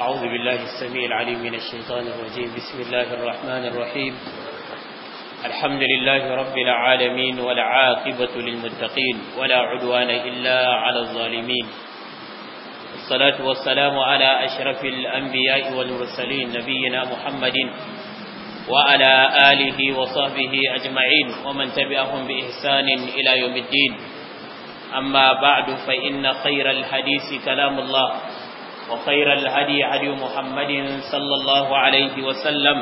أعوذ بالله السميع العليم من الشيطان الرجيم بسم الله الرحمن الرحيم الحمد لله رب العالمين والعاقبة للمتقين ولا عدوان إلا على الظالمين الصلاة والسلام على أشرف الأنبياء والمرسلين نبينا محمد وعلى آله وصحبه أجمعين ومن تبعهم بإحسان إلى يوم الدين أما بعد فإن خير الحديث كلام الله وخير الهدي هدي محمد صلى الله عليه وسلم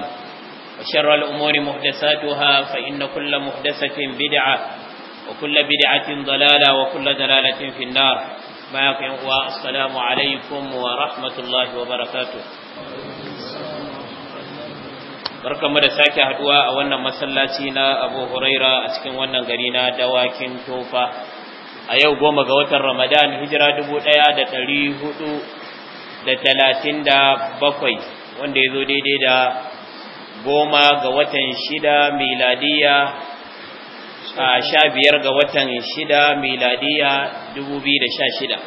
وشر الأمور محدثاتها فإن كل محدثة بدعة وكل بدعة ضلالة وكل ضلالة في النار ما يقوم السلام عليكم ورحمة الله وبركاته barkamu da sake haduwa a wannan masallaci na Abu Huraira a cikin wannan gari na dawakin tofa a yau goma ga watan Ramadan hijira 1400 da talatin da bakwai wanda ya zo daidai da goma ga watan shida miladiya a sha biyar ga watan shida miladiya dubu biyu da sha shida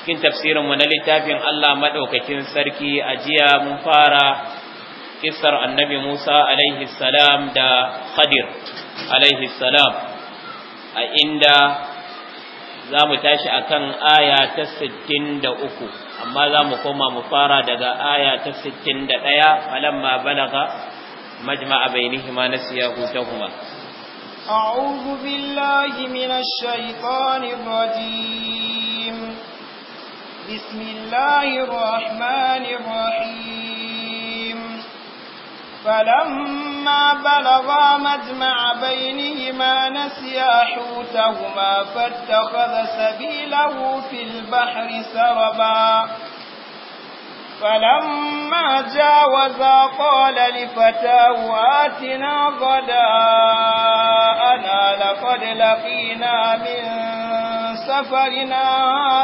cikin tafsirinmu na littafin Allah maɗaukakin sarki a jiya mun fara kisar annabi Musa alaihi salam da Khadir alaihi salam a inda za mu tashi a kan aya ta 63 amma za mu koma mu fara daga aya ta 61 falamma balaga majma'a bainihima nasiya hutahuma أعوذ بالله من الشيطان الرجيم بسم الله الرحمن الرحيم فلما فلما بلغا مجمع بينهما نسيا حوتهما فاتخذ سبيله في البحر سربا فلما جاوزا قال لفتاه آتنا غداءنا لقد لقينا من سفرنا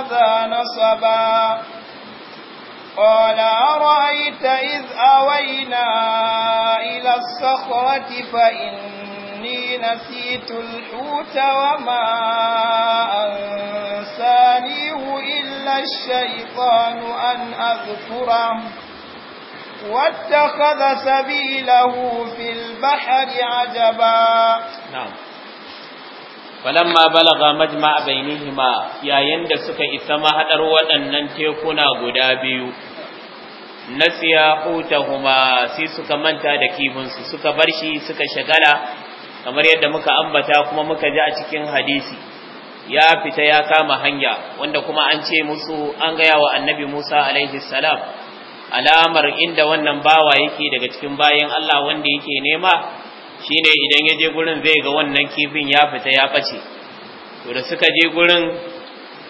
هذا نصبا قال أرأيت إذ أوينا إلى الصخرة فإني نسيت الحوت وما أنسانيه إلا الشيطان أن أذكره واتخذ سبيله في البحر عجبا نعم falamma balaga majma'a bainihima yayin da suka isa mahaɗar waɗannan tekuna guda biyu nasiya hutahuma sai suka manta da kifin su, suka bar shi suka shagala kamar yadda muka ambata kuma muka ji a cikin hadisi ya fita ya kama hanya wanda kuma an ce musu an gaya wa annabi Musa alaihi salam alamar inda wannan bawa yake daga cikin bayan Allah wanda yake nema shine idan ya je gurin zai ga wannan kifin ya fita ya bace to da suka je gurin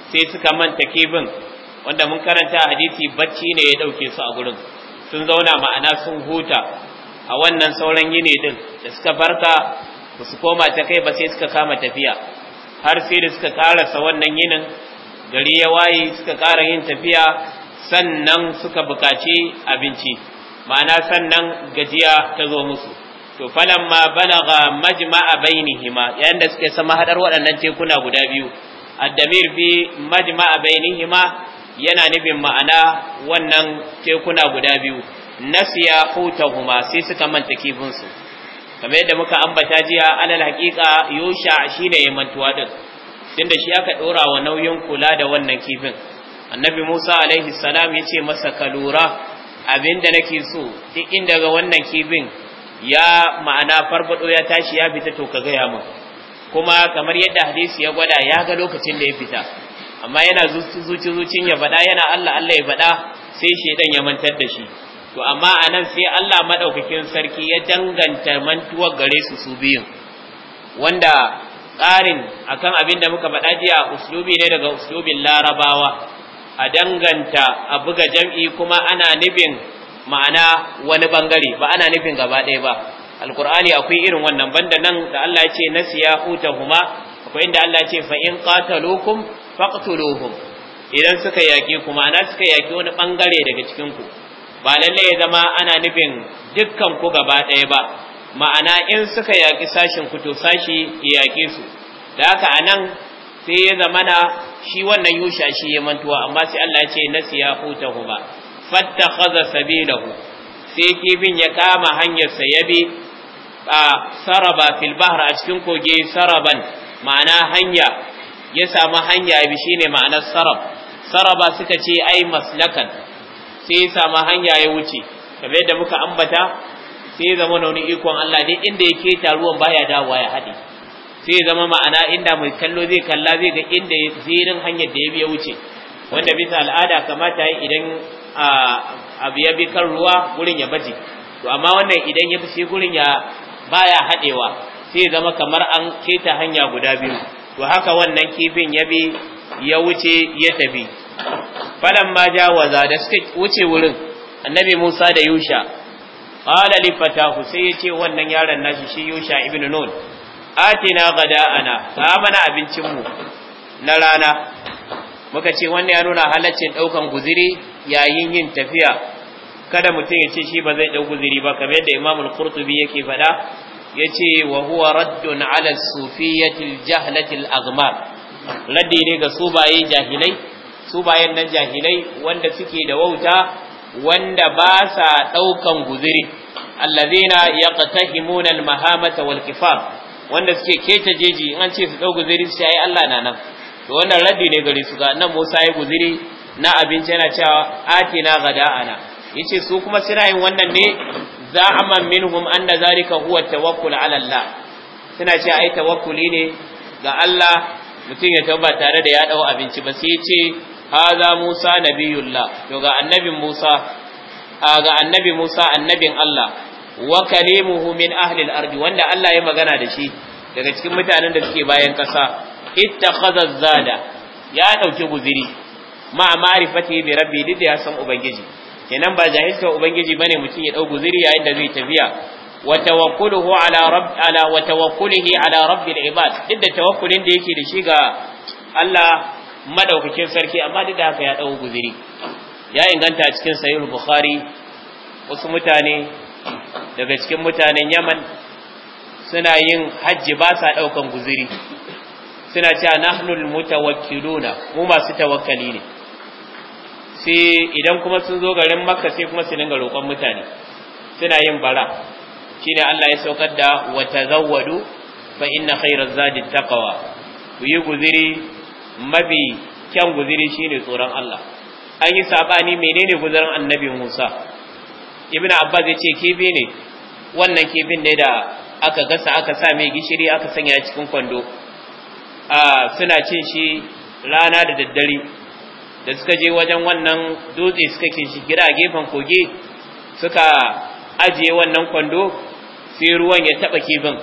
sai suka manta kifin wanda mun karanta hadisi bacci ne ya dauke su a gurin sun zauna ma'ana sun huta a wannan sauran yini din da suka farka ba su koma ta kai ba sai suka kama tafiya har sai da suka karasa wannan yinin gari ya waye suka kara yin tafiya sannan suka bukaci abinci ma'ana sannan gajiya ta zo musu to ma balaga majma'a bainihima yayin da suke sama hadar waɗannan tekuna guda biyu addamir fi majma'a bainihima yana nufin ma'ana wannan tekuna guda biyu nasiya hutahuma sai suka manta kifin su kamar yadda muka ambata jiya alal haqiqa yusha shine ya mantuwa din tunda shi aka dora wa nauyin kula da wannan kifin annabi Musa alaihi salam yace masa kalura abinda nake so duk inda ga wannan kifin ya ma'ana farfado ya tashi ya fita to ka gaya min kuma kamar yadda hadisi ya gwada ya ga lokacin da ya fita amma yana zuci zucin ya faɗa yana Allah Allah ya faɗa sai shedan ya mantar da shi to amma anan sai Allah madaukakin sarki ya danganta mantuwar gare su su biyun wanda tsarin akan abin da muka faɗa jiya uslubi ne daga uslubin larabawa a danganta a buga jam'i kuma ana nubin. ma'ana wani bangare ba ana nufin gaba ɗaya ba alkur'ani akwai irin wannan banda nan da Allah ya ce nasiya hutahuma akwai inda Allah ya ce fa in qataluukum faqtuluhum idan suka yaki ku ma'ana suka yaki wani bangare daga cikin ku ba lalle ya zama ana nufin dukkan ku gaba ɗaya ba ma'ana in suka yaki sashin ku to sashi ya yaki su da haka anan sai ya zama na shi wannan yusha shi ya mantuwa amma sai Allah ya ce nasiya hutahuma fattakhadha sabilahu sai kifin ya kama hanyarsa ya bi a saraba fil bahr a cikin koge saraban ma'ana hanya ya samu hanya bi shine ma'anar sarab saraba suka ce ai maslakan sai ya samu hanya ya wuce kamar yadda muka ambata sai ya zama wani ikon Allah ne inda yake taruwan baya dawowa ya haɗe sai zama ma'ana inda mai kallo zai kalla zai ga inda zirin hanyar da ya bi ya wuce wanda bisa al'ada kamata idan abu ya bi kan ruwa gurin ya baje to amma wannan idan ya bi gurin ya baya haɗewa sai ya zama kamar an keta hanya guda biyu to haka wannan kifin ya bi ya wuce ya tafi falan ma jawaza da suka wuce wurin annabi Musa da Yusha qala li fatahu sai ce wannan yaron nashi shi Yusha ibn Nun atina gada'ana ka mana abincin mu na rana muka ce wannan ya nuna halaccin daukan guziri yayin yin tafiya kada mutum ya ce shi ba zai ɗau guziri ba kamar yadda imam al-qurtubi yake faɗa ya ce wa huwa raddun ala sufiyatil jahlatil agmar raddi ne ga subaye jahilai subayen nan jahilai wanda suke da wauta wanda ba sa ɗaukan guziri allazina yaqtahimuna al-mahamata wal kifar wanda suke keta jeji in an ce su ɗau guziri sai Allah na nan to wannan raddi ne gare su ga nan Musa ya guziri na abinci yana cewa atina gada'ana yace su kuma suna yin wannan ne za'aman minhum anna zalika huwa tawakkul ala Allah suna ce ai tawakkuli ne ga Allah mutum ya tauba tare da ya dau abinci ba sai yace haza Musa nabiyullah to ga annabin Musa ga annabi Musa annabin Allah wa kalimuhu min ahli al wanda Allah ya magana da shi daga cikin mutanen da suke bayan kasa ittakhadha zada ya dauki guziri ma ma'arifati bi rabbi duk da ya san ubangiji kenan ba ta ubangiji bane mutum ya dau guziri yayin da zai tafiya wa tawakkuluhu ala rabb ala wa tawakkulihi ala rabbil ibad duk da tawakkulin da yake da shi ga Allah madaukakin sarki amma duk da haka ya dau guziri ya inganta cikin sahih bukhari wasu mutane daga cikin mutanen Yaman suna yin hajji ba sa daukan guziri suna cewa nahnul mutawakkiluna mu masu tawakkali ne sai idan kuma sun zo garin makka sai kuma su dinga roƙon mutane suna yin bara shine Allah ya saukar da wa tazawwadu fa inna khairaz zadi taqwa yi guziri mabi kyan guziri shine tsoron Allah an yi sabani menene guzarin annabi Musa ibn Abbas yace kifi ne wannan kifin ne da aka gasa aka sa mai gishiri aka sanya cikin kwando suna cin shi rana da daddare da suka je wajen wannan dutse suka gira a gefen kogi, suka ajiye wannan kwando sai ruwan ya taɓa kifin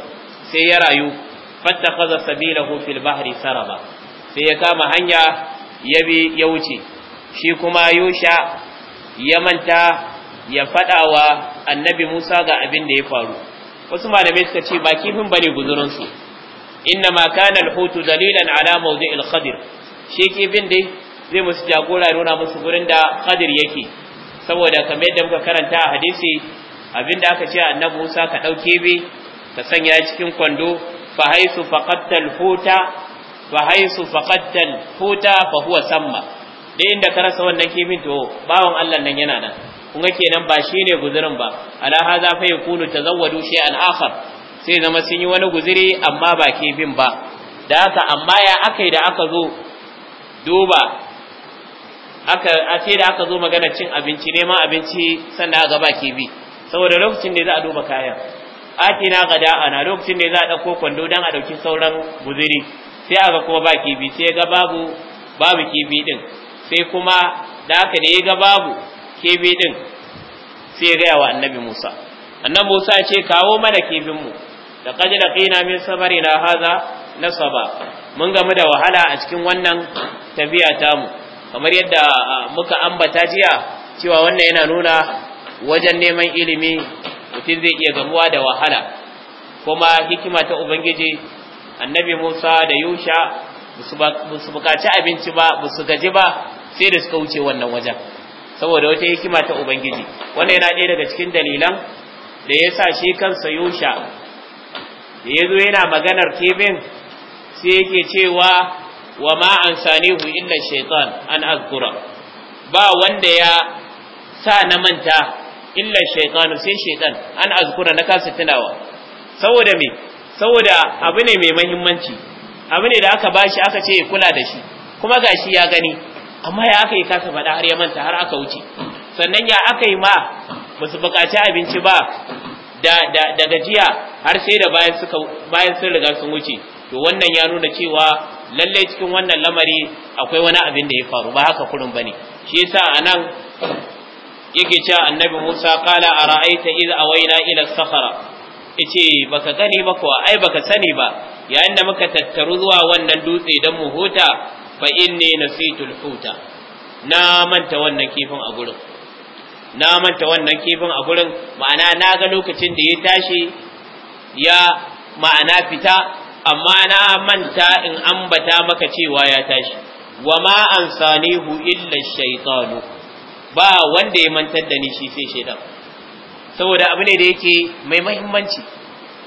sai ya rayu fatta kaza sabilahu fil bahri saraba sai ya kama hanya ya bi ya wuce shi kuma yusha ya manta ya faɗawa annabi musa ga abin da ya faru wasu malamai suka ce ba kifin bane guzurinsu Inna kana hutu dalilan ala mawdi'il khadir shi kifin dai zai musu jagora ya musu gurin da khadir yake saboda kamar yadda muka karanta a hadisi abinda aka ce annabi Musa ka dauke bi ka sanya cikin kwando fa haisu fa haisu huta fa huwa samma dai inda ka rasa wannan kifin to bawon Allah nan yana nan Kuma kenan ba shine guzurin ba ala hadha fa yakunu tazawwadu shay'an akhar sai zama sun yi wani guziri amma ba kifin ba da haka amma ya aka yi da aka zo duba sai da aka zo magana cin abinci neman abinci sannan aka ba kifi saboda lokacin da za a duba kayan na gada ana lokacin da za a ɗauko kwando don a ɗauki sauran guziri sai aka kuma ba kifi sai ga babu babu kifi din sai kuma da aka da ya ga babu kifi ɗin, sai ya gaya wa annabi Musa annabi Musa ce kawo mana kifin mu da laqina min haza na nasaba mun gamu da wahala a cikin wannan tafiya mu. kamar yadda muka ambata jiya cewa wannan yana nuna wajen neman ilimi mutum zai iya gamuwa da wahala kuma hikima ta ubangiji annabi Musa da Yusha su bukaci abinci ba su gaji ba sai da suka wuce wannan wajen saboda wata hikima ta ubangiji wannan yana ɗaya daga cikin dalilan da ya sa shi kansa Yusha da ya zo yana maganar kifin sai yake cewa wa ma an sanihu illa shaitan an azkura ba wanda ya sa na manta illa shaitanu sai shaitan an azkura na kasa tunawa saboda me saboda abu ne mai mahimmanci abu ne da aka bashi aka ce ya kula da shi kuma gashi ya gani amma ya aka yi kasa faɗa har ya manta har aka wuce sannan ya aka yi ma ba su buƙaci abinci ba da gajiya har sai da bayan suka sun riga sun wuce to wannan ya nuna cewa lalle cikin wannan lamari akwai wani abin da ya faru ba haka kurin bane shi yasa anan yake cewa annabi Musa qala ara'aita iz awaina ila safara yace baka gani ba ko ai baka sani ba yayin da muka tattaru zuwa wannan dutse dan mu huta fa inni nasitul huta na manta wannan kifin a gurin na manta wannan kifin a gurin ma'ana na ga lokacin da ya tashi ya ma'ana fita amma na manta in ambata maka cewa ya tashi wa ma ansanihu illa shaytanu ba wanda ya mantar da ni shi sai shaytan saboda abu ne da yake mai muhimmanci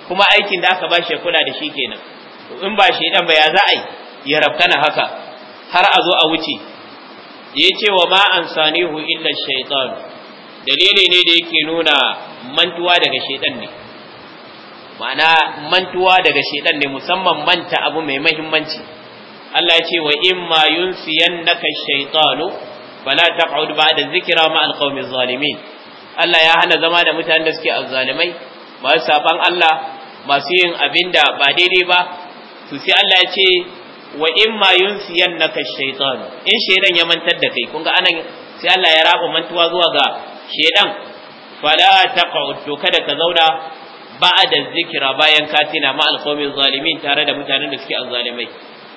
kuma aikin da aka ba shi kula da shi kenan in ba shaytan ba ya za a ya rabkana haka har a zo a wuce ya ce wa ma ansanihu illa shaytanu dalili ne da yake nuna mantuwa daga shedan ne ma'ana mantuwa daga shedan ne musamman manta abu mai mahimmanci Allah ya ce wa in imma yunsiyannaka shaytanu fala taq'ud ba'da dhikra ma'al qaumi zalimin Allah ya hana zama da mutanen da suke azzalimai masu saban Allah masu yin abinda ba daidai ba to sai Allah ya ce wa in imma yunsiyannaka shaytanu in shedan ya mantar da kai kun ga anan sai Allah ya raba mantuwa zuwa ga shedan fala taq'ud to kada ka zauna ba'da zikira bayan ka tina ma alqawmi zalimin tare da mutanen da suke azzalimai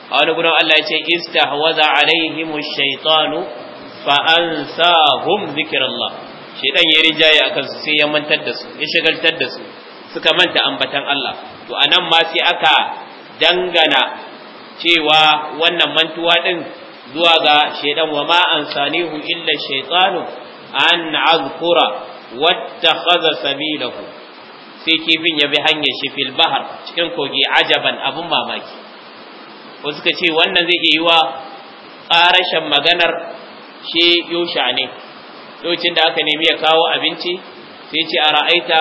a wani gurin Allah ya ce istahwaza alaihim ash-shaytanu fa ansahum zikrallah shedan ya rijaye akan su sai ya mantar da su ya shagaltar da su suka manta ambatan Allah to anan ma sai aka dangana cewa wannan mantuwa din zuwa ga shedan wa ma ansanihu illa shaytanu an azkura wattakhadha sabilahu sai kifin ya bi hanyar shi fil bahar cikin kogi ajaban abun mamaki ko suka ce wannan zai iya yiwa ƙarashin maganar shi yusha ne lokacin da aka nemi ya kawo abinci sai ce a ra'aita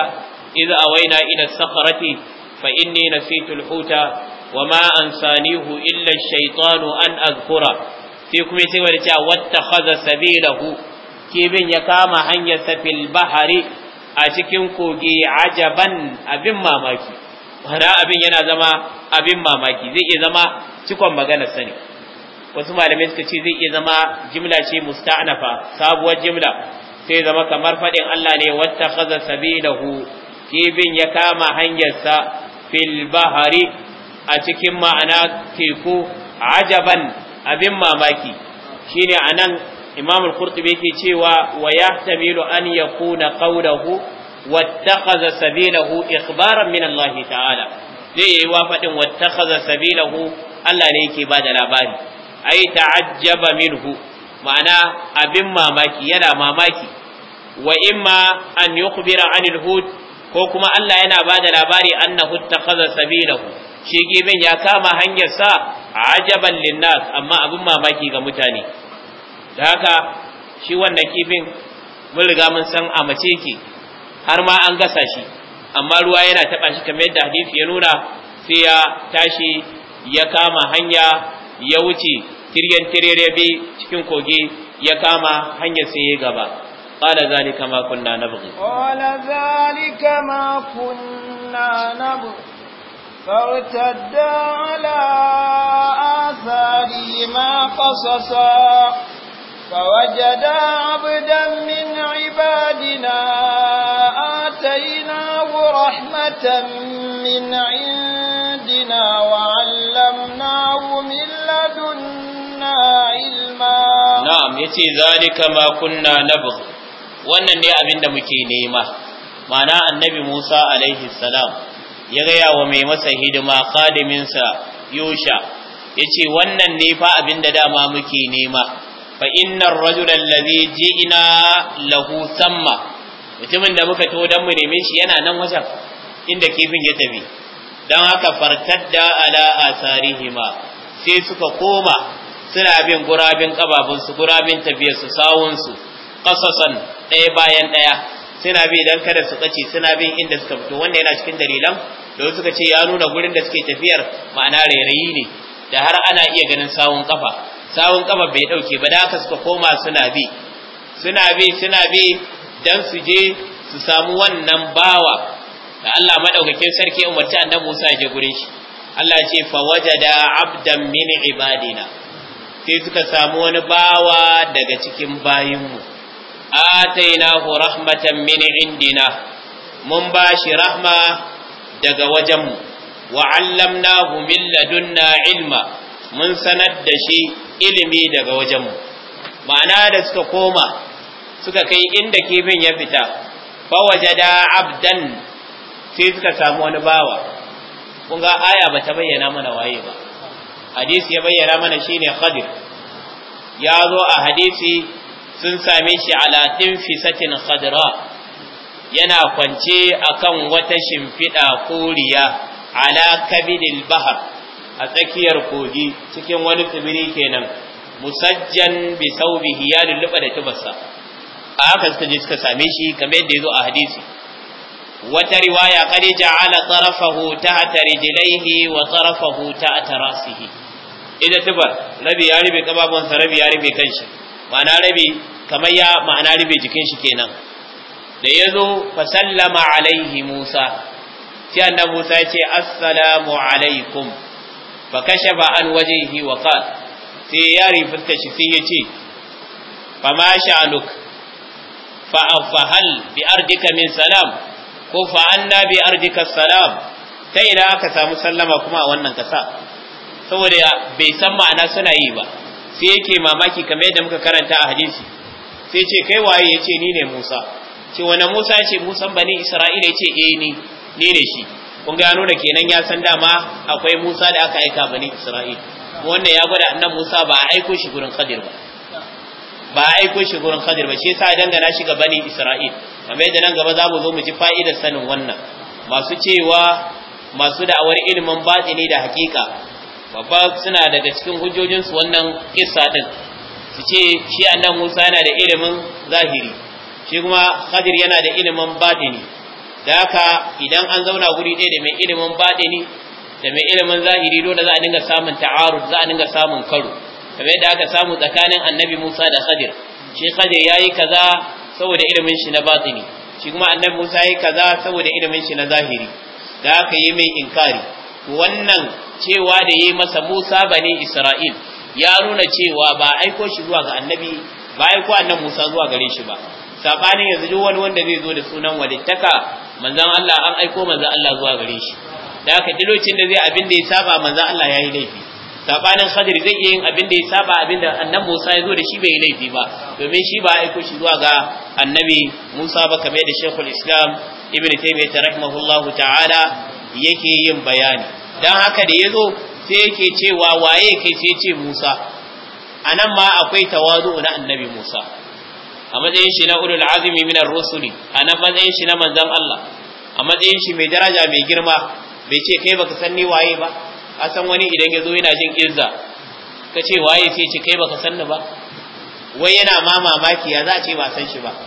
idza awaina ila sakhrati fa inni nasitu al-huta وما أنسانيه إلا الشيطان أن أذكره في كم يسير واتخذ سبيله kibin ya kama hanyar safil bahari a cikin kogi ajaban abin mamaki wani abin yana zama abin mamaki zai iya zama cikon magana sani wasu malamai suka ce zai iya zama jimla ce musta'nafa sabuwar jimla sai zama kamar faɗin Allah ne wata kaza sabilahu kibin ya kama hanyarsa fil bahari a cikin ma'ana teku ajaban abin mamaki shine anan imam al-qurtubi yake cewa wa yahtamilu an yakuna qawluhu wattakhadha sabilahu ikhbaran min Allah ta'ala zai yi wa fadin wattakhadha sabilahu Allah ne yake bada labari ai ta'ajjaba minhu ma'ana abin mamaki yana mamaki wa imma an yukhbira anil hud ko kuma Allah yana bada labari annahu ittakhadha sabilahu shi gibin ya kama hanyar sa ajaban linnas amma abin mamaki ga mutane da haka shi wannan kifin mun riga mun san a mace ke har ma an gasa shi amma ruwa yana taɓa shi kamar yadda hadisi ya nuna sai ya tashi ya kama hanya ya wuce tiryan tirerebe cikin kogi ya kama hanyar sai ya gaba قال ذلك ما كنا نبغي قال ذلك ما كنا نبغي فارتدا على آثارهما قصصا فوجدا عبدا من عبادنا آتيناه رحمة من عندنا وعلمناه من لدنا علما نعم يتي ذلك ما كنا نبغ wannan ne abin da muke nema mana annabi Musa alaihi salam ya gaya wa mai masa hidima kadiminsa Yusha ya ce wannan ne fa abin da dama muke nema fa innar rajula allazi ji'ina lahu samma mutumin da muka to dan mu neme shi yana nan wajen inda kifin ya tafi dan haka fartadda ala asarihima sai suka koma suna bin gurabin kababun su gurabin tafiyar su sawun su qasasan ɗaya bayan ɗaya suna bi dan kada su kace suna bin inda suka fito wanda yana cikin dalilan da suka ce ya nuna gurin da suke tafiyar ma'ana rairayi ne da har ana iya ganin sawun kafa sawun kafa bai dauke ba da suka koma suna bi suna bi suna bi dan su je su samu wannan bawa da Allah madaukakin sarki umarci annabi Musa ya je gurin shi Allah ya ce fa wajada abdan min ibadina sai suka samu wani bawa daga cikin bayinmu atainahu rahmatan min indina mun bashi rahma daga wajenmu wa allamnahu min ladunna ilma mun sanar da shi ilimi daga wajenmu ma'ana da suka koma suka kai inda kifin ya fita fawaje da abdan sai suka samu wani bawa kun ga aya ba ta bayyana mana waye ba hadisi ya bayyana mana shine khadir ya zo a hadisi sun same shi ala fisatin khadra yana kwance akan wata shimfiɗa koriya ala kabidil bahar a tsakiyar kogi cikin wani tsibiri kenan musajjan bi saubihi ya lulluba da tubarsa a haka suka je suka same shi kamar yadda ya zo a hadisi wata riwaya kare ja'ala tarafahu tahta rijlaihi wa tarafahu tahta ra'sihi ida tubar rabi ya rabe kababansa rabi ya rabe kanshi ma'ana rabi kamar ya ma'ana rabe jikin shi kenan da yazo fa sallama alaihi Musa sai annabi Musa ya ce assalamu alaikum fa kashafa an wajhihi wa qal sai ya rifuta shi sai ya ce fa ma sha'anuk fa afhal bi ardika min salam ko fa anna bi ardika salam ta ina aka samu sallama kuma a wannan kasa saboda bai san ma'ana suna yi ba sai yake mamaki kamar yadda muka karanta a hadisi sai ce kai waye yace ni ne Musa ce wani Musa ce Musa bani Isra'ila yace eh ni ne shi kun gano da kenan ya san dama akwai Musa da aka aika bani Isra'il wannan ya gwada annabi Musa ba a aiko shi gurin Khadir ba ba a aiko shi gurin Khadir ba shi yasa dangana shi ga bani Isra'il amma idan nan gaba za mu zo mu ji fa'idar sanin wannan masu cewa masu da'awar ilimin batini da hakika babba suna daga cikin hujjojinsu wannan kissa din su ce shi annabi Musa yana da ilimin zahiri shi kuma Khadir yana da ilimin batini da haka idan an zauna guri ɗaya da mai ilimin baɗini da mai ilimin zahiri dole za a dinga samun ta'arud za a dinga samun karo kamar yadda aka samu tsakanin annabi Musa da Khadir shi Khadir yayi kaza saboda ilimin shi na baɗini shi kuma annabi Musa yayi kaza saboda ilimin shi na zahiri da haka yi mai inkari wannan cewa da yayi masa Musa bane Isra'il ya nuna cewa ba aiko shi zuwa ga annabi ba aiko annabi Musa zuwa gare shi ba sabani yanzu duk wani wanda zai zo da sunan walittaka manzan Allah an aiko manzan Allah zuwa gare shi da haka lokacin da zai abin da ya saba manzan Allah ya yi laifi sabanin hadir zai iya yin abin da ya saba abin da annabi Musa ya zo da shi bai yi laifi ba domin shi ba aiko shi zuwa ga annabi Musa ba kamar da Sheikhul Islam Ibn Taymiyyah rahimahullahu ta'ala yake yin bayani dan haka da yazo sai yake cewa waye kai sai ce Musa anan ma akwai tawazu na annabi Musa a matsayin shi na ulul azumi minar rusuli a nan matsayin shi na manzon Allah a matsayin shi mai daraja mai girma bai ce kai baka san ni waye ba a san wani idan ya zo yana jin izza ka ce waye sai ce kai baka san ni ba wai yana ma mamaki ya za a ce ba san shi ba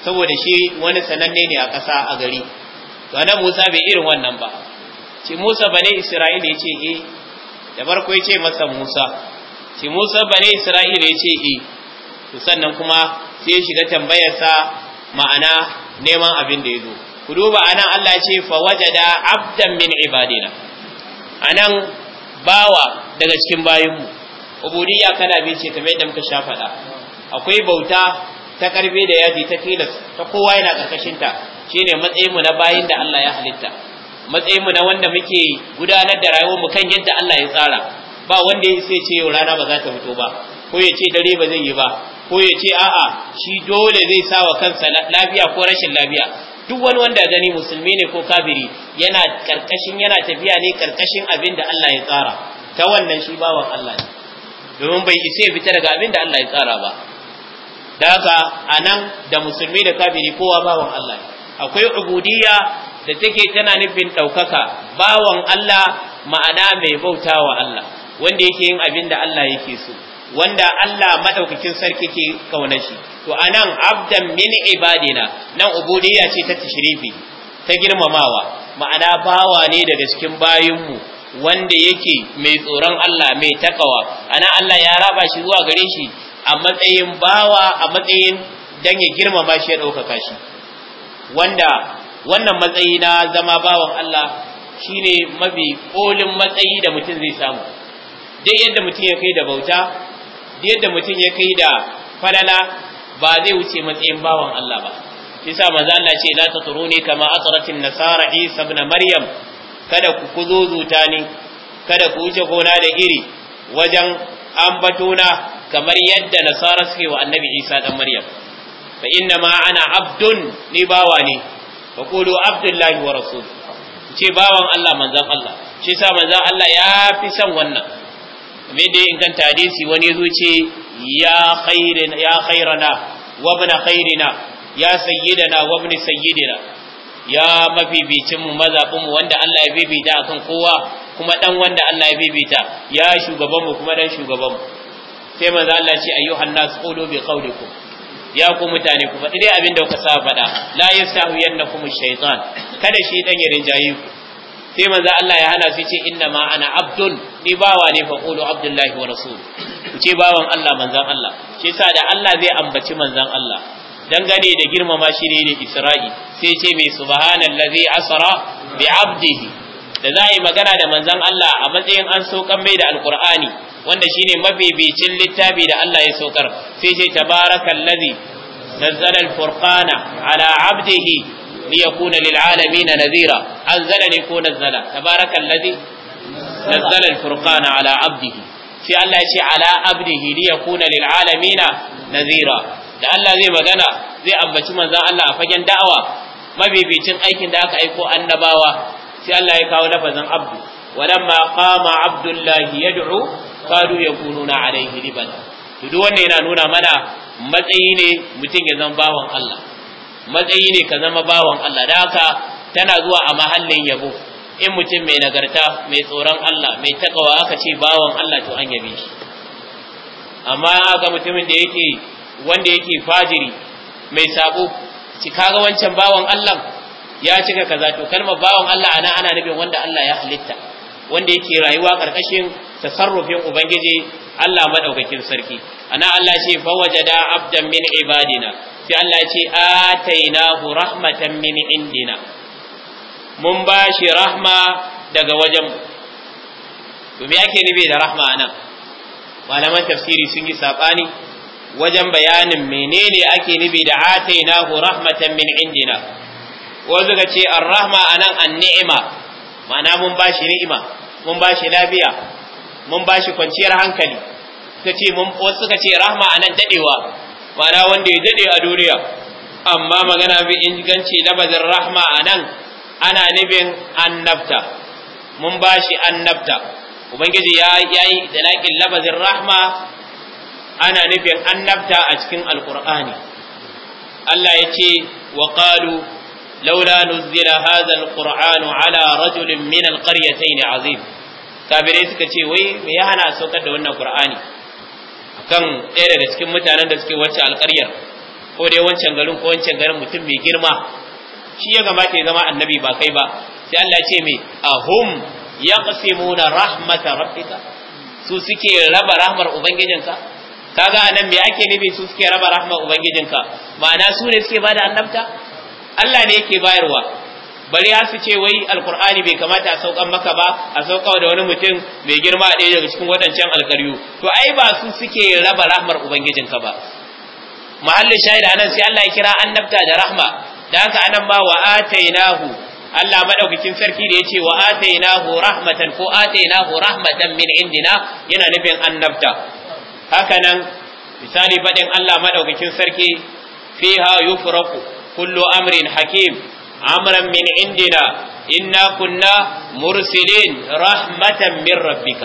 saboda shi wani sananne ne a ƙasa a gari to nan Musa bai irin wannan ba ce Musa bane Isra'ila ya ce eh da farko ya ce masa Musa ce Musa bane Isra'ila ya ce eh to sannan kuma sai shiga tambayarsa ma'ana neman abin da ya zo ku duba anan Allah ce fa wajada abdan min ibadina anan bawa daga cikin bayinmu ubudiyya kana bi ce kamar yadda muka sha faɗa akwai bauta ta karbe da yaji ta tilas ta kowa yana karkashin ta shine matsayinmu na bayin da Allah ya halitta matsayinmu na wanda muke gudanar da rayuwarmu kan yadda Allah ya tsara ba wanda ya sai ce yau rana ba za ta fito ba ko ya ce dare ba zai yi ba ko ya ce a'a shi dole zai sa wa kansa lafiya ko rashin lafiya duk wani wanda gani musulmi ne ko kafiri yana karkashin yana tafiya ne karkashin abin da Allah ya tsara ta wannan shi bawan Allah ne domin bai isa ya fita daga abin da Allah ya tsara ba da haka nan da musulmi da kafiri kowa bawan Allah ne akwai ubudiyya da take tana nufin ɗaukaka bawan Allah ma'ana mai bautawa Allah wanda yake yin abin da Allah yake so wanda Allah madaukakin sarki ke kauna shi to anan abdan min ibadina nan ubudiyya ce ta tashrifi ta girmamawa ma'ana bawa ne daga cikin bayinmu wanda yake mai tsoron Allah mai takawa ana Allah ya raba shi zuwa gare shi a matsayin bawa a matsayin dan ya girmama shi ya ɗaukaka shi wanda wannan matsayi na zama bawan Allah shine mafi kolin matsayi da mutum zai samu duk yadda mutum ya kai da bauta yadda mutum ya kai da falala ba zai wuce matsayin bawan Allah ba yasa manzo Allah ce la ni kama asratin nasara isa ibn maryam kada ku zuta ni kada ku wuce gona da iri wajen na kamar yadda nasara suke wa annabi isa dan maryam fa inna ma ana abdun ni bawa ne fa qulu abdullahi wa rasul ce bawan Allah manzo Allah shi yasa manzo Allah ya fi son wannan kamar da inganta hadisi wani zo ce ya khairin ya khairana wa ibn khairina ya sayyidana wa ibn sayyidina ya mafi mu mazafin mu wanda Allah ya bibita akan kowa kuma dan wanda Allah ya bibita ya shugaban kuma dan shugaban mu sai manzo Allah ce ayu hannas qulu bi qawlikum ya ku mutane ku faɗi dai abin da kuka saba faɗa la yastahu yannakum shaytan kada shi dan ya rinjaye ku sai manzo Allah ya hana su ce inna ma ana abdun ni bawa ne fa qulu abdullahi wa rasul ku ce bawan Allah manzon Allah shi yasa da Allah zai ambaci manzon Allah dangane da girmama shi ne da Isra'i sai ce mai subhanallazi asra bi abdihi da za yi magana da manzon Allah a matsayin an saukan mai da alkur'ani wanda shine mabibicin littafi da Allah ya saukar sai ce tabarakallazi nazzala alfurqana ala abdihi ليكون للعالمين نذيرا أنزل ليكون نزل تبارك الذي نزل الفرقان على عبده في الله يشي على عبده ليكون للعالمين نذيرا da Allah zai magana zai ambaci manzan Allah a fagen da'awa mabibicin aikin da aka aiko annabawa sai Allah ya kawo lafazin abdu ma qama abdullahi yad'u kadu yakununa alaihi riban to duk wannan yana nuna mana matsayi ne mutum ya zama bawan Allah matsayi ne ka zama bawan Allah da haka tana zuwa a mahallin yabo in mutum mai nagarta mai tsoron Allah mai takawa aka ce bawan Allah to an yabe shi amma aka mutumin da yake wanda yake fajiri mai sabo ci kaga wancan bawan Allah ya cika kaza to kalmar bawan Allah ana ana nufin wanda Allah ya halitta wanda yake rayuwa karkashin tasarrufin ubangiji Allah madaukakin sarki ana Allah ce da abdan min ibadina sai Allah ce atainahu rahmatan min indina mun bashi rahma daga wajen to me yake nufi da rahma anan malaman tafsiri sun yi sabani wajen bayanin menene ake nufi da atainahu rahmatan min indina wanda ce ar-rahma anan an-ni'ma ma'ana mun ba shi ni'ima mun ba shi lafiya mun ba shi kwanciyar hankali suka ce mun wasu suka ce rahma anan dadewa ma'ana wanda ya dade a duniya amma magana bi inganci labazin rahma anan ana nufin annabta mun ba shi annabta ubangiji ya yi dalakin labazin rahma ana nufin annabta a cikin alkur'ani Allah ya ce wa qalu laula nuzila hadha alqur'anu ala rajulin min alqaryatayn azim kafirai suka ce wai me ya hana saukar da wannan qur'ani akan ɗaya daga cikin mutanen da suke wacce alƙaryar ko dai wancan garin ko wancan garin mutum mai girma shi ya kamata ya zama annabi ba kai ba sai Allah ce me ahum yaqsimuna rahmata rabbika su suke raba rahmar ubangijinka anan me ake nufi suke raba rahmar ubangijinka ma'ana su ne suke bada annabta Allah ne yake bayarwa bari har su ce wai alkur'ani bai kamata a saukan maka ba a sauka da wani mutum mai girma a ɗaya daga cikin waɗancan alkaryu to ai ba su suke raba rahmar ubangijinka ba mahallin shahida nan sai Allah ya kira annabta da rahma da haka anan ba wa atainahu Allah madaukakin sarki da yace wa atainahu rahmatan ko atainahu rahmatan min indina yana nufin annabta haka nan misali badin Allah madaukakin sarki fiha yufraku كل أمر حكيم أمرا من عندنا kunna كنا مرسلين رحمة من ربك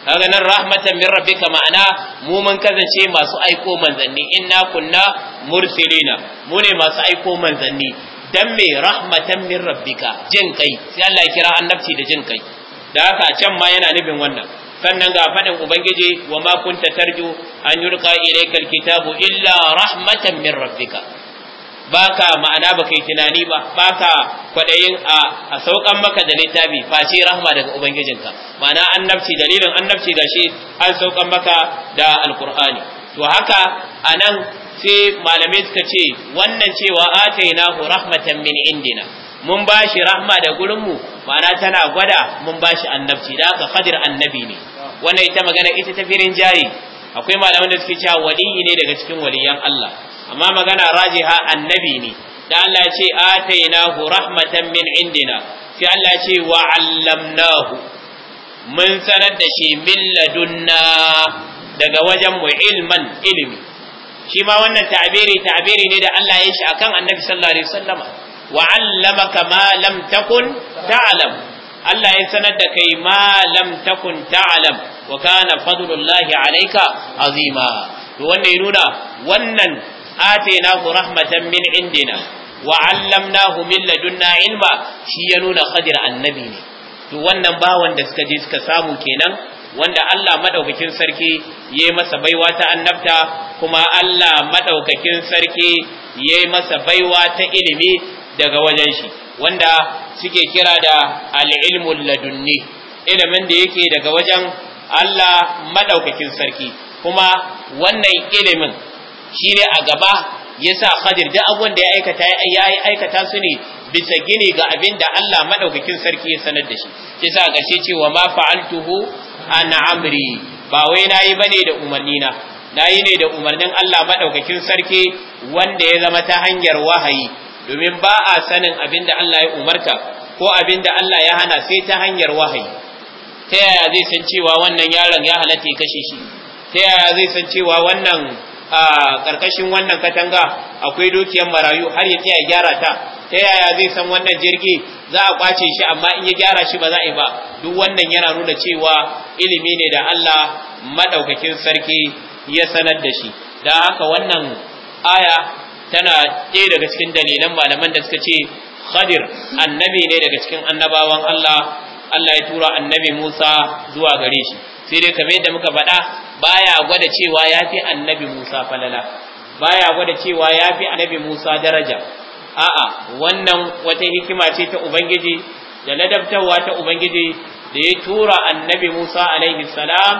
kaga nan rahmatan min rabbika ma'ana mu mun kasance masu aiko manzanni inna kunna mursilina mu ne masu aiko manzanni dan me rahmatan min rabbika jin kai sai Allah ya kira annabci da jin kai da haka a can ma yana nufin wannan sannan ga faɗin ubangiji wa ma kunta tarju an yulqa ilayka alkitabu illa rahmatan min rabbika baka ma'ana baka yi tunani ba baka kwaɗayin a saukan maka da littafi face rahma daga ubangijinka ma'ana annabci dalilin annabci shi an saukan maka da alqur'ani to haka anan sai malamai suka ce wannan cewa atainahu rahmatan min indina mun bashi rahma da mu ma'ana tana gwada mun bashi annabci da haka khadir annabi ne wannan ita magana ita ta firin jari akwai malaman da suke cewa waliyi ne daga cikin waliyan Allah amma magana rajiha annabi ne da Allah ce atainahu rahmatan min indina sai Allah ce wa allamnahu mun sanar da shi min ladunna daga wajen mu ilman ilimi shi ma wannan ta'biri ta'biri ne da Allah ya shi akan annabi sallallahu alaihi wasallama wa allamaka ma lam takun ta'lam Allah ya sanar da kai ma lam takun ta'lam wa kana fadlullahi alayka azima to wannan ya nuna wannan atainahu rahmatan min indina wa 'allamnahu min ladunna ilma shi ya nuna Khadir annabi ne to wannan bawan da suka je suka samu kenan wanda Allah madaukakin sarki ya yi masa baiwa ta annabta kuma Allah madaukakin sarki ya yi masa baiwa ta ilimi daga wajen shi wanda suke kira da al ladunni ilimin da yake daga wajen Allah madaukakin sarki kuma wannan ilimin shine a gaba yasa Khadir duk abubuwan da ya aikata ya aikata su ne bisa gini ga abin da Allah maɗaukakin sarki ya sanar da shi yasa shi cewa ma fa'altuhu an amri ba wai nayi bane da umarni na nayi ne da umarnin Allah maɗaukakin sarki wanda ya zama ta hanyar wahayi domin ba a sanin abin da Allah ya umarta ko abin da Allah ya hana sai ta hanyar wahayi ta yaya zai san cewa wannan yaron ya halatta ya kashe shi ta yaya zai san cewa wannan a karkashin wannan katanga akwai dukiyar marayu har ya tsaya gyara ta ta yaya zai san wannan jirgi za a kwace shi amma in ya gyara shi ba za a yi ba duk wannan yana nuna cewa ilimi ne da Allah madaukakin sarki ya sanar da shi da haka wannan aya tana ɗaya daga cikin dalilan malaman da suka ce Khadir annabi ne daga cikin annabawan Allah Allah ya tura annabi Musa zuwa gare shi sai dai kamar yadda muka faɗa baya gwada cewa ya fi annabi Musa falala baya gwada cewa ya fi annabi Musa daraja a'a wannan wata hikima ce ta ubangiji da ladabtarwa ta ubangiji da ya tura annabi Musa alaihi salam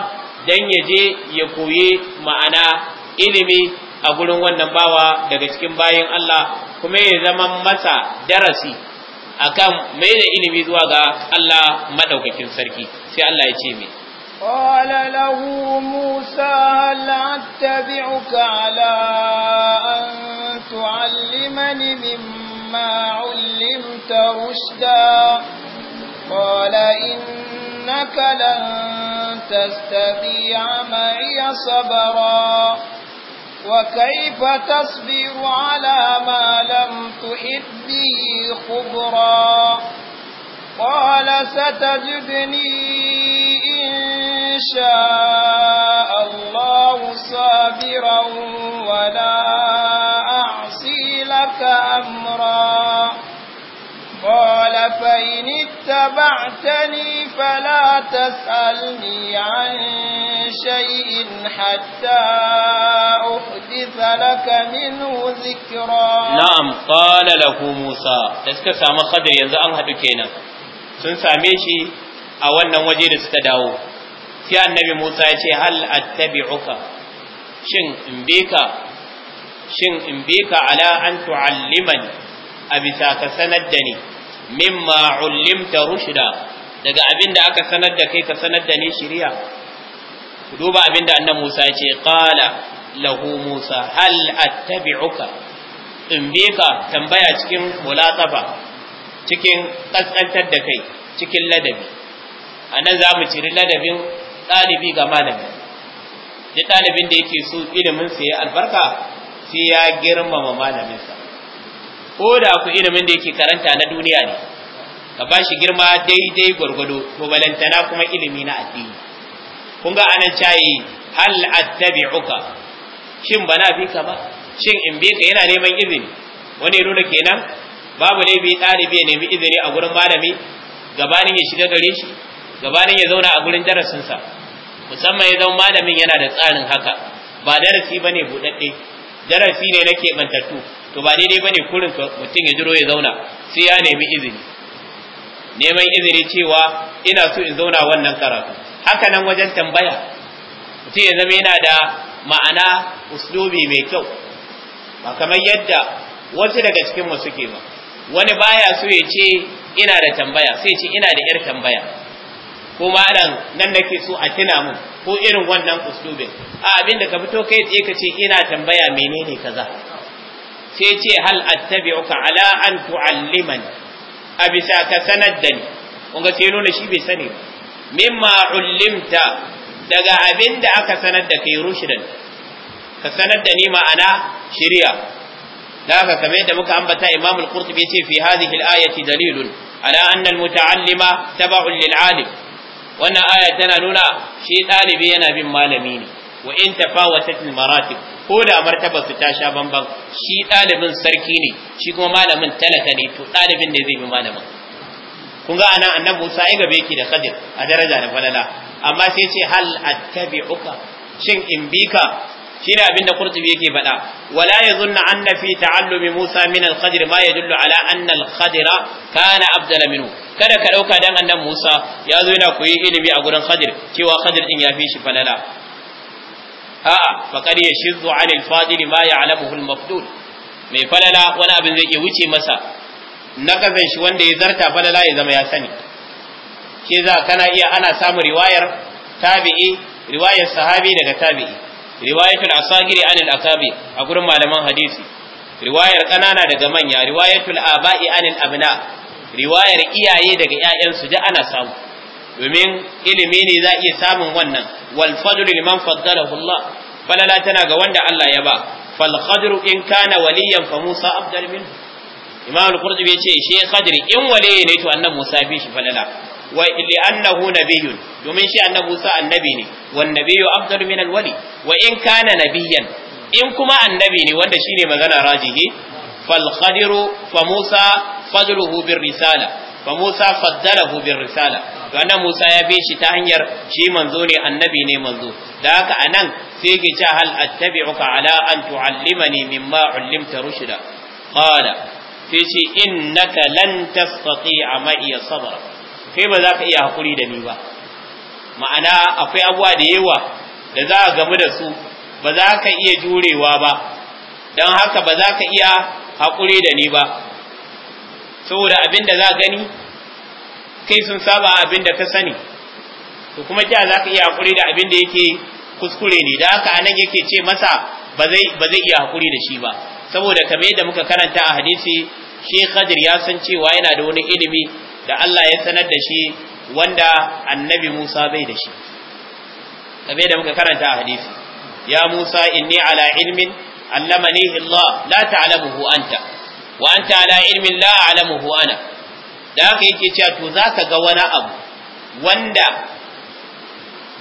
dan ya je ya koyi ma'ana ilimi a gurin wannan bawa daga cikin bayan Allah kuma ya zama masa darasi akan mai da ilimi zuwa ga Allah madaukakin sarki sai Allah ya ce mai قال له موسى هل أتبعك على أن تعلمني مما علمت رشدا قال إنك لن تستطيع معي صبرا وكيف تصبر على ما لم تحب به خبرا قال ستجدني شاء الله صابرا ولا أعصي لك أمرا قال فإن اتبعتني فلا تسألني عن شيء حتى أحدث لك منه ذكرا نعم قال له موسى تسكى سامة خدر ينزأ أنها دكينا سنسى ميشي a wannan waje da suka dawo sai annabi Musa ya ce hal attabi'uka shin in bi ka shin in bi ka ala an tu'allimani a bisa ka sanar da ni mimma ullimta rushda daga abin da aka sanar da kai ka sanar da ni shiriya ku duba abin da annabi Musa ya ce qala lahu Musa hal attabi'uka in bi ka tambaya cikin mulatsafa cikin kaskantar da kai cikin ladabi a nan za mu ciri ladabin ɗalibi ga malami duk ɗalibin da yake so ilimin sa ya albarka sai ya girmama malaminsa ko da ku ilimin da yake karanta na duniya ne ka ba shi girma daidai gwargwado to balantana kuma ilimi na addini kun ga anan cayi hal attabi'uka shin bana bi ka ba shin in bi ka yana neman izini wani ya nuna kenan babu laifi ɗalibi ya nemi izini a gurin malami gabanin ya shiga gare shi gabanin ya zauna a gurin darasinsa musamman ya zama malamin yana da tsarin haka ba darasi bane buɗaɗɗe darasi ne na keɓantattu to ba daidai bane kurin mutum ya jiro ya zauna sai ya nemi izini neman izini cewa ina so in zauna wannan karatu haka nan wajen tambaya mutum ya zama yana da ma'ana uslubi mai kyau ba kamar yadda wasu daga cikin mu suke ba wani baya so ya ce ina da tambaya sai ce ina da yar tambaya ko malam nan nake so a tuna mun ko irin wannan uslubin a abin da ka fito kai tsaye ka ce ina tambaya menene kaza sai ce hal attabi'uka ala an tu'allimani a bisa ka sanar da ni kun ga sai nuna shi bai sani mimma ullimta daga abin da aka sanar da kai rushdan ka sanar da ni ma'ana shari'a da haka kamar yadda muka ambata imamul qurtubi ce fi hadhihi al-ayati dalilun ala anna al-muta'allima tab'un lil-alim wannan aya tana nuna shi ɗalibi yana bin malami ne wa in tafawatat maratib ko da martabar su ta sha bamban shi ɗalibin sarki ne shi kuma malamin talaka ne to ɗalibin ne zai bi malamin kun ga anan annabi Musa ya gabe yake da Khadir a daraja da falala amma sai ce hal attabi'uka shin in bika shine abin da Qurtubi yake faɗa wala yazunna anna fi ta'allumi Musa min al-Khadir ma yadullu ala anna al-Khadira kana afdala minhu kada ka ɗauka dan annan Musa ya zo yana koyi ilimi a gurin Khadir cewa Khadir din ya fi shi falala a'a faqad yashizzu 'ala al-fadil ma ya'lamuhu al-mafdud mai falala wani abin zai iya wuce masa na kafin shi wanda ya zarta falala ya zama ya sani ke za kana iya ana samun riwayar tabi'i riwayar sahabi daga tabi'i riwayatul asagiri anil akabi a gurin malaman hadisi riwayar kanana daga manya riwayatul aba'i anil abna riwayar iyaye daga ‘ya'yansu da ana samu domin ilimi ne za iya samun wannan wal fadlu liman faddalahu Allah falala tana ga wanda Allah ya ba fal qadru in kana waliyan fa Musa afdal min Imam al-Qurtubi yace shi qadri in waliyi ne to annabi Musa bi shi falala wa li'annahu nabiyyun domin shi annabi Musa annabi ne wan nabiyyu afdal min al-wali wa in kana nabiyyan in kuma annabi ne wanda shine magana rajihi fal qadru fa Musa fadluhu bir risala fa Musa faddalahu bir risala to Musa ya bi shi ta hanyar shi manzo ne annabi ne manzo da haka anan sai yake cewa hal attabi'uka ala an min mimma 'allimta rushda qala sai ce innaka lan tastati'a ma iya sabra kai ba za ka iya hakuri da ni ba ma'ana akwai abuwa da yawa da za a gamu da su ba za ka iya jurewa ba don haka ba za ka iya haƙuri da ni ba saboda abin da za gani kai sun saba abin da ka sani to kuma kiya za ka iya hakuri da abin da yake kuskure ne da haka anan yake ce masa ba zai iya hakuri da shi ba saboda kamar yadda muka karanta a hadisi shi Khadir ya san cewa yana da wani ilimi da Allah ya sanar da shi wanda annabi Musa bai da shi kamar yadda muka karanta a hadisi ya Musa inni ala ilmin allamanihi Allah la ta'lamuhu anta wa anta ala ilmin la a'lamuhu ana da haka yake cewa to zaka ga wani abu wanda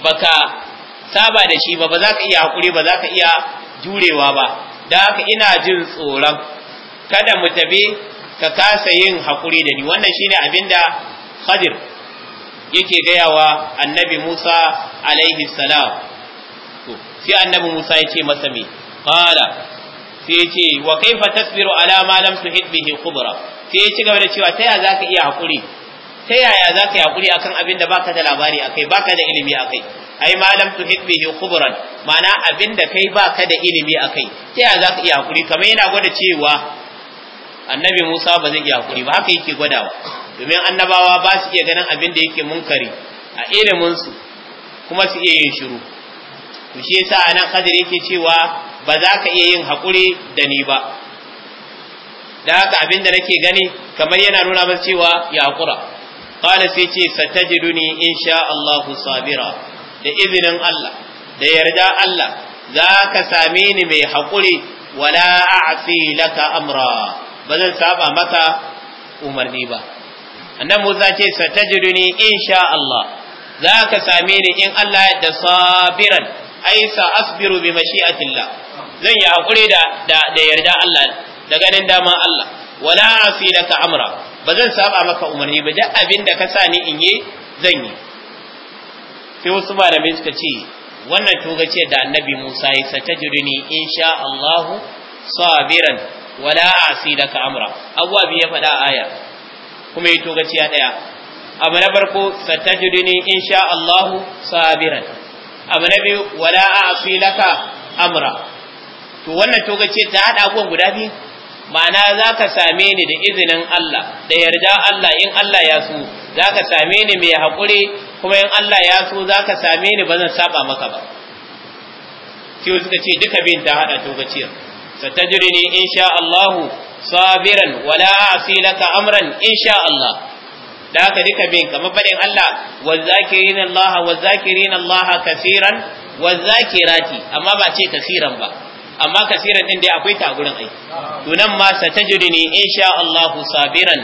baka saba da shi ba ba za iya hakuri ba za iya jurewa ba da haka ina jin tsoron kada mu tafi ka kasa yin hakuri da ni wannan shine abinda Khadir yake gayawa annabi Musa alaihi salam to sai annabi Musa ya ce masa me qala sai ya ce wa kai fa tasbiru ala ma lam tuhid bihi khubra sai ya ci gaba da cewa ta yaya zaka iya hakuri ta yaya zaka yi hakuri akan abin da baka da labari akai baka da ilimi akai ai ma lam tuhid bihi ma'ana abin da kai baka da ilimi akai ta yaya zaka iya hakuri kamar yana gwada cewa annabi Musa ba zai iya hakuri ba haka yake gwadawa domin annabawa ba su iya ganin abin da yake munkari a ilimin su kuma su iya yin shiru to shi yasa anan Khadir yake cewa ba za ka iya yin haƙuri da ni ba da haka abin da nake gani kamar yana nuna masa cewa ya haƙura qala sai ce satajiduni insha Allah sabira da izinin Allah da yarda Allah za ka sami ni mai haƙuri wala a'si laka amra ba zan saba maka umarni ba annan Musa ce satajiduni insha Allah za ka same ni in Allah da sabiran aisa sa asbiru bi mashi'atillah zan yi hakuri da da yarda Allah da ganin daman Allah wala asi laka amra ba zan saba maka umarni ba da abin da ka sa ni in yi zan yi sai wasu malamai suka ce wannan toga ce da annabi Musa ya satajrini insha Allah sabiran wala asi laka amra abuwa bi ya faɗa aya kuma yi toga ce daya abu na farko satajrini insha Allah sabiran abu na biyu wala asi laka amra to wannan toga ce ta haɗa abubuwan guda biyu ma'ana za ka same ni da izinin Allah da yarda Allah in Allah ya so za ka same ni mai haƙuri kuma in Allah ya so za ka same ni ba zan saba maka ba kiwo suka ce duka bin ta haɗa togaciyar satajiri in sha Allah sabiran wala asi laka amran in sha Allah da haka duka bin kamar faɗin Allah wazzakirin Allah wazzakirin Allah kasiran wazzakirati amma ba ce kasiran ba amma kasiran din dai akwai ta gurin ai Tunan ma ma satajiduni insha Allah sabiran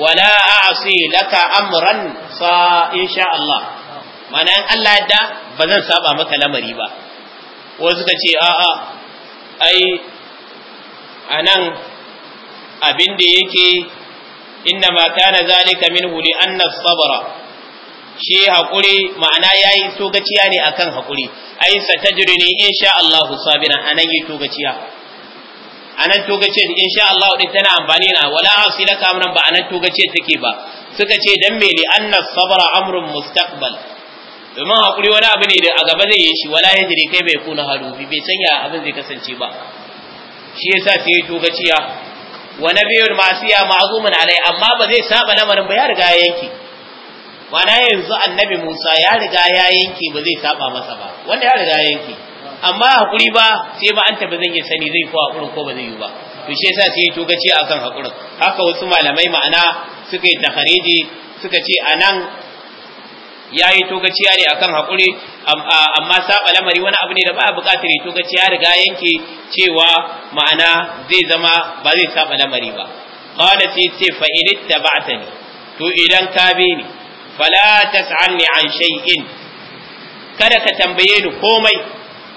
wala a'si laka amran sa insha Allah mana in Allah ba zan saba maka lamari ba wasu suka ce a'a ai anan abin da yake inna ma kana zalika minhu li anna sabra shi haƙuri ma'ana ya yi togaciya ne akan haƙuri ai satajiri ne in sha Allahu a anan yi togaciya anan togace in sha Allahu din tana amfani na wala ka amran ba anan togace take ba suka ce dan me li anna sabra amrun mustaqbal domin haƙuri wani abu ne da a gaba zai yi shi wala yajri kai bai kuna harufi bai sanya abin zai kasance ba shi yasa sai yi togaciya wa nabiyyu masiya ma'zumun alai amma ba zai saba lamarin ba ya riga ya yanke mana yanzu annabi Musa ya riga ya yanke ba zai saba masa ba wanda ya riga ya yanke amma hakuri ba sai ba an ba zan yi sani zai ko hakurin ko ba zai yi ba to shi yasa sai ya akan hakurin haka wasu malamai ma'ana suka yi takhariji suka ce anan ya yi togaciya ne akan hakuri amma saba lamari wani abu ne da ba a buƙatar yi ya riga yanke cewa ma'ana zai zama ba zai saba lamari ba qala sai ce fa in to idan ka bi ni fala tas'alni an shay'in kada ka tambaye ni komai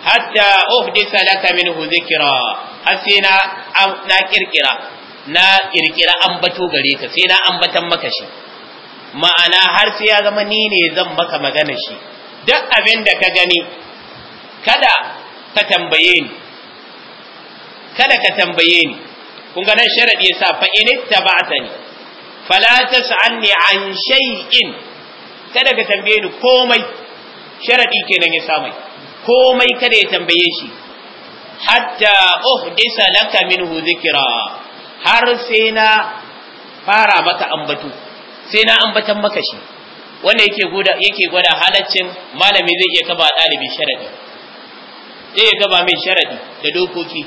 hatta uhdisa laka minhu dhikra asina na kirkira na kirkira ambato gare ka sai na ambatan maka shi ma'ana har ya zama ni ne zan maka magana shi duk abinda ka gani kada ka tambaye ni kada ka tambaye ni kun ga nan sharadi yasa fa in ittaba'tani fala tas'alni an shay'in kada ka tambaye ni komai sharadi kenan ya samu komai kada ya tambaye shi hatta uhdisa laka minhu dhikra har sai na fara maka ambatu sai na ambatan maka shi wanda yake gwada yake gwada halaccin malami zai iya kaba dalibi sharadi zai iya kaba mai sharadi da dokoki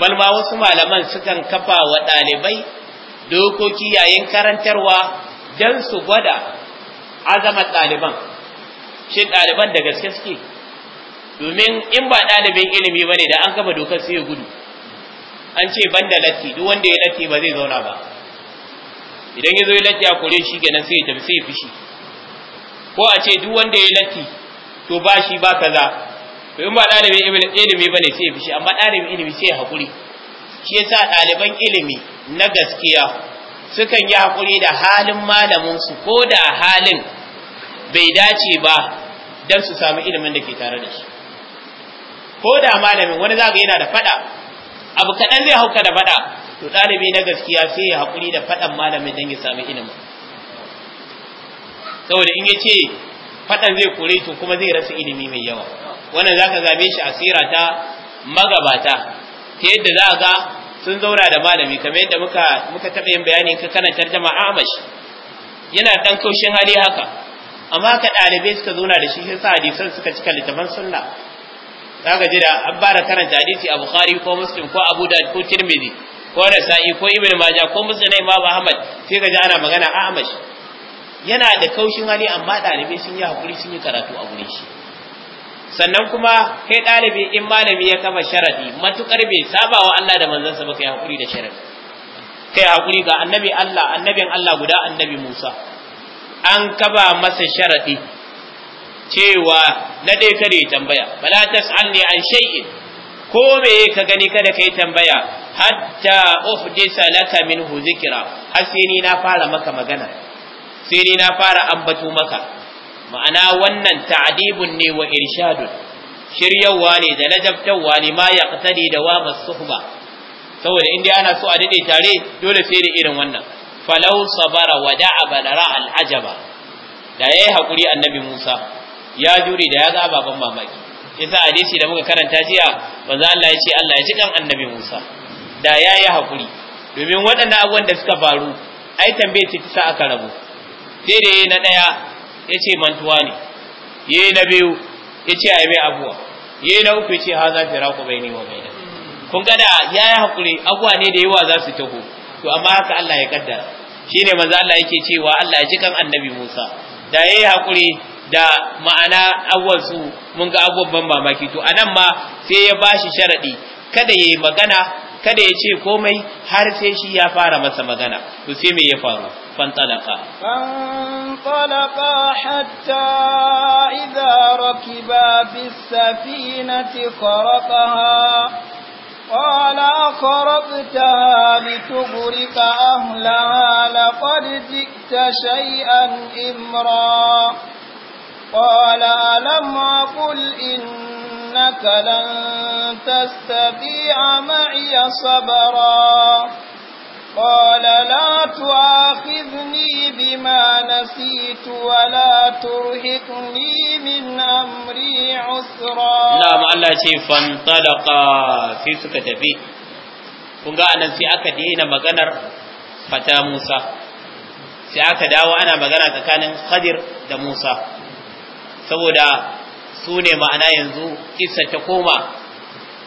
balma wasu malaman sukan kafa wa dalibai dokoki yayin karantarwa dan su gwada azama ɗaliban shi ɗaliban da gaske suke domin in ba ɗalibin ilimi ba ne da an kafa dokar sai ya gudu an ce ban da latti duk wanda ya latti ba zai zauna ba idan ya zo ya latti a kore shi kenan sai ya tafi sai ya fishi ko a ce duk wanda ya latti to ba shi ba kaza to in ba ɗalibin ilimi ba ne sai ya fishi amma ɗalibin ilimi sai ya haƙuri shi sa ɗaliban ilimi na gaskiya sukan yi haƙuri da halin malaminsu ko da halin bai dace ba don su samu ilimin da ke tare da shi ko da malamin wani zaga yana da fada abu kaɗan zai hauka da fada to ɗalibi na gaskiya sai ya haƙuri da faɗan malamin don ya samu ilimi. saboda in ya ce faɗan zai kore to kuma zai rasa ilimi mai yawa wannan za ka zabe shi asira ta magabata ta yadda za ga sun zaura da malami kamar yadda muka muka taɓa yin bayani ka kana tarjama amash yana ɗan kaushin hali haka amma ka ɗalibai suka na da shi sai sa hadisan suka cika littafan sunna za ka da an bara karanta hadisi a bukhari ko muslim ko abu da ko tirmidhi ko nasa'i ko ibn majah ko muslim na babu ahmad sai ka ji ana magana a amash yana da kaushin hali amma ɗalibai sun yi hakuri sun yi karatu a gurin shi sannan kuma kai ɗalibi in malami ya kama sharadi matukar bai saba wa Allah da manzansa ba kai hakuri da sharadi kai hakuri ga annabi Allah annabin Allah guda annabi Musa an kaba masa sharaɗi. cewa na dai kare tambaya bala tas'alni an shay'in ko me ka gani kada kai tambaya hatta disa laka hu zikra har sai ni na fara maka magana sai ni na fara ambato maka ma'ana wannan ta'dibun ne wa irshadun shiryawa ne da ladabtawa ne ma qtadi da wa masuhba saboda in dai ana so a dade tare dole sai da irin wannan falau sabara wa da'a balara al'ajaba da ya yi haƙuri annabi Musa ya jure da ya ga ababen mamaki isa hadisi da muka karanta jiya manzo Allah ya ce Allah ya ji kan annabi Musa da ya yi haƙuri domin waɗannan abubuwan da suka faru ai tambaye ce ta sa aka rabu sai da na ɗaya ya ce mantuwa ne yayi na biyu ya ce a yi mai abuwa yayi na uku ya ce za haza firaku baini wa da? kun gada ya yi haƙuri abuwa ne da yawa za su taho to amma haka Allah ya kaddara shine maza Allah yake cewa Allah ya ji kan annabi Musa da yayi hakuri da ma'ana awwasu mun ga ban mamaki to anan ma sai ya bashi sharaɗi. kada yayi magana kada ya ce komai har sai shi ya fara masa magana to sai me ya faru fantalaka fantalaka hatta idza rakiba bis safinati qaraqaha قال أخرقتها لتبرك أهلها لقد جئت شيئا إمرا قال ألم أقل إنك لن تستطيع معي صبرا قال لا تؤاخذني بما نسيت ولا ترهقني من أمري عسرا لا ما الله شيء فانطلقا في سكتفي kunga anan sai aka daina maganar fata Musa sai aka dawo ana magana tsakanin Khadir da Musa saboda su ne ma'ana yanzu kissa ta koma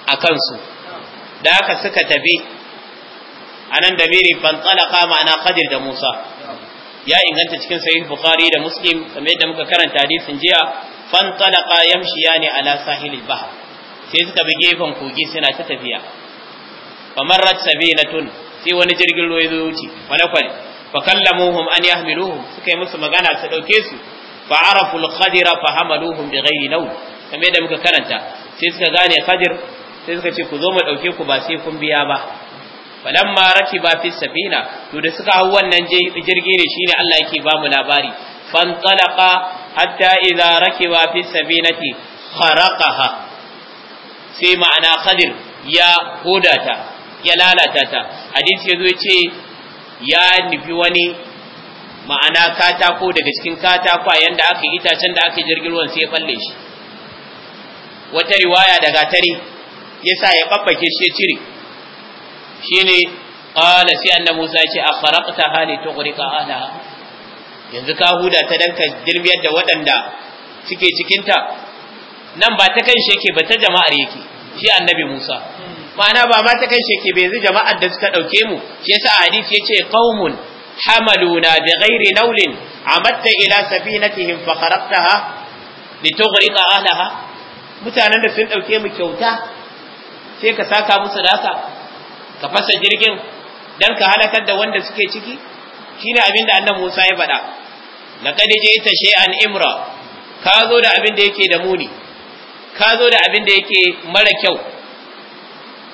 a kansu da haka suka tafi anan damirin fantalaka ma'ana Kadir da Musa ya inganta cikin sahih Bukhari da Muslim kamar yadda muka karanta hadisin jiya fantalaka yamshiyani ala sahilil bahr sai suka bi gefen kogi suna ta tafiya famarrat sabilatun sai wani jirgin ruwa ya zo wuce kwale-kwale fa kallamuhum an yahmiluhum suka yi musu magana su dauke su fa arafu al-khadir fa hamaluhum bi ghairi kamar yadda muka karanta sai suka gane Kadir sai suka ce ku zo mu dauke ku ba sai kun biya ba falamma rakiba fi safina to da suka hau wannan jirgi ne shine Allah yake ba mu labari fantalaqa hatta idza rakiba fi safinati kharaqaha sai ma'ana khadir ya hudata ya lalata ta hadisi yazo yace ya nufi wani ma'ana katako daga cikin a yanda aka yi itacen da aka jirgin ruwan sai ya shi wata riwaya daga tare yasa ya babbake shi ya cire shine qala sai annabi Musa ya ce akhraqta hali tughriqa ala yanzu ka huda ta danka ka da waɗanda suke cikin ta nan ba ta kan yake ba ta jama'ar yake shi annabi Musa ma'ana ba ma ta kan yake bai yanzu jama'ar da suka dauke mu shi yasa hadisi yace qaumun hamaluna ghairi naulin amatta ila safinatihim fa kharaqtaha litughriqa ahliha mutanen da sun dauke mu kyauta sai ka saka musu da haka ka fasa jirgin dan ka halakar da wanda suke ciki shine abin da annabi Musa ya faɗa laqad ji'ta an imra ka zo da abin da yake da muni ka zo da abin da yake mara kyau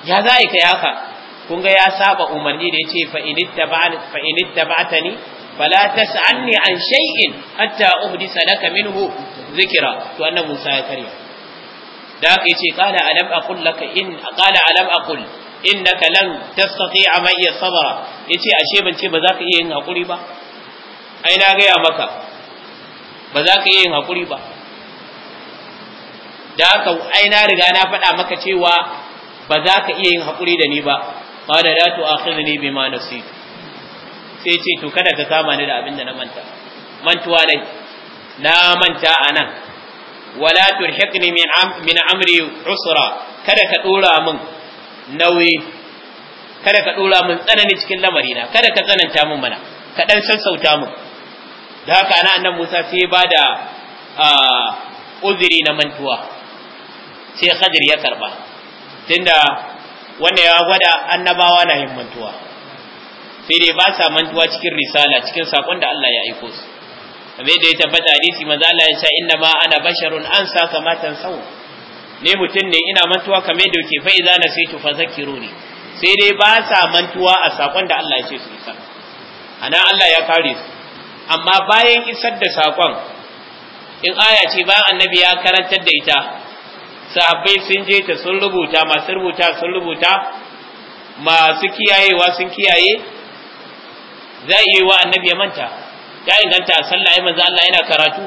ya za ka yaka kun ga ya saba umarni da yace fa inittaba'ani fa inittaba'tani fala tas'alni an shay'in hatta uhdisa sadaka minhu zikra to annabi Musa ya karya da haka yace qala alam aqul laka in qala alam aqul innaka lan tastati'a ma iya sabara yace ashe ban ce ba za ka iya yin hakuri ba ai na gaya maka ba za ka iya yin hakuri ba da haka ai na riga na faɗa maka cewa ba za ka iya yin hakuri da ni ba qala la tu'akhidhni bima nasitu sai ce to kada ka kama ni da abin da na manta mantuwa dai na manta anan wala turhiqni min amri usra kada ka dora min nauyi kada ka dora min tsanani cikin na, kada ka tsananta min mana ka dan sassauta min da haka ana annan Musa sai ba da uzuri na mantuwa sai Khadir ya karba tunda wanda ya gwada annabawa na yin mantuwa sai dai ba sa mantuwa cikin risala cikin sakon da Allah ya aiko su kamar yadda ya tabbata hadisi manzo Allah ya sa inna ma ana basharun ansa kamatan tansawun ne mutum ne ina mantuwa kamar da yake fa idza nasitu fazakiruni sai dai ba sa mantuwa a sakon da Allah ya ce su isa ana Allah ya kare su amma bayan isar da sakon in aya ce bayan annabi ya karantar da ita sahabbai sun je ta sun rubuta masu rubuta sun rubuta masu kiyayewa sun kiyaye zai yi wa annabi ya manta ya inganta sallah ya manzo Allah yana karatu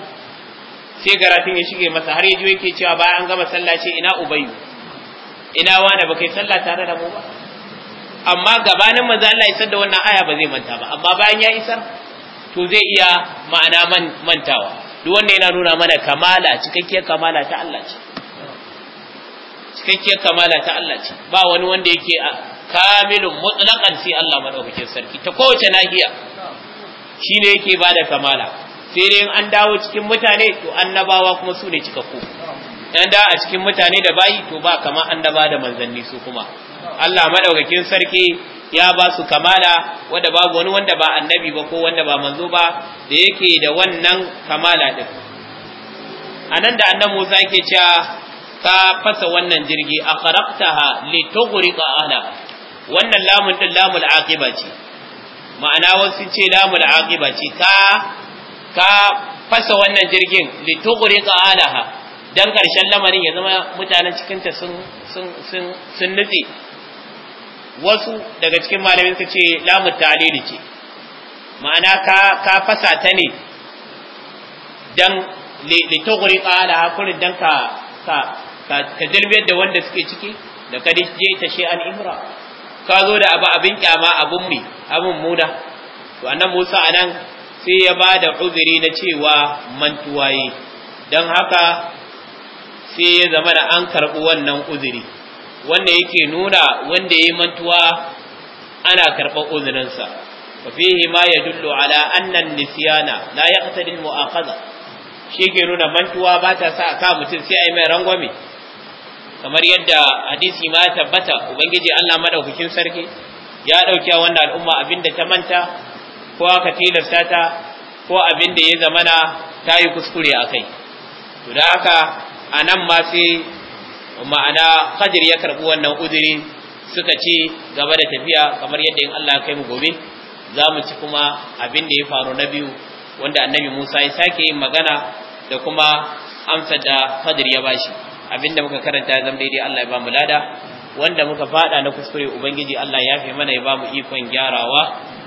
sai garatin ya shige masa har yaji yake cewa bayan an gama sallah ce ina ubayu? ina wani ba kai sallah tare da mu ba amma gabanin manzo Allah ya da wannan aya ba zai manta ba amma bayan ya isar to zai iya ma'ana mantawa duk wanda yana nuna mana kamala cikakkiyar kamala ta Allah ce cikakkiyar kamala ta Allah ce ba wani wanda yake kamilun mutlaqan sai Allah madaukakin sarki ta kowace nahiya shine yake bada kamala sai dai an dawo cikin mutane to annabawa kuma su ne cikakku dan da a cikin mutane da bayi to ba kama annaba da manzanni su kuma Allah madaukakin sarki ya ba su kamala wanda babu wani wanda ba annabi ba ko wanda ba manzo ba da yake da wannan kamala din anan da annabi Musa yake cewa ka fasa wannan jirgi akhraqtaha litughriqa ahla wannan lamun din lamul aqiba ce ma'ana wasu ce lamul aqiba ce ka ka fasa wannan jirgin litughriqa alaha dan karshen lamarin ya zama mutanen cikin ta sun sun sun sun nutse wasu daga cikin malamin suka ce lamu ta'lili ce ma'ana ka ka fasa ta ne dan litughriqa alaha kullun dan ka ka ka dalbiyar da wanda suke ciki da ka ta shi an imra ka zo da abin kyama abun mi abun muna Wannan annan Musa anan sai ya ba da uzuri na cewa mantuwaye don haka sai ya zama da an karɓi wannan uzuri wanda yake nuna wanda ya yi mantuwa ana karɓar uzurinsa fafihi ma ya dullo ala annan nisiyana na ya ƙasarin mu'akaza shi ke nuna mantuwa ba ta sa ka mutum sai a yi mai rangwame kamar yadda hadisi ma ya tabbata ubangiji allah madaukakin sarki ya ɗauki a wannan al'umma abinda ta manta ko aka tilasta ta ko abin da ya zamana ta yi kuskure a kai to da haka a nan ma sai ma'ana fajir ya karɓi wannan uzuri suka ci gaba da tafiya kamar yadda in Allah kai mu gobe za mu ci kuma abin da ya faru na biyu wanda annabi Musa ya sake yin magana da kuma amsa da fajir ya bashi da muka karanta zama daidai Allah ya ba mu lada wanda muka fada na kuskure ubangiji Allah ya fi mana ya ba mu ikon gyarawa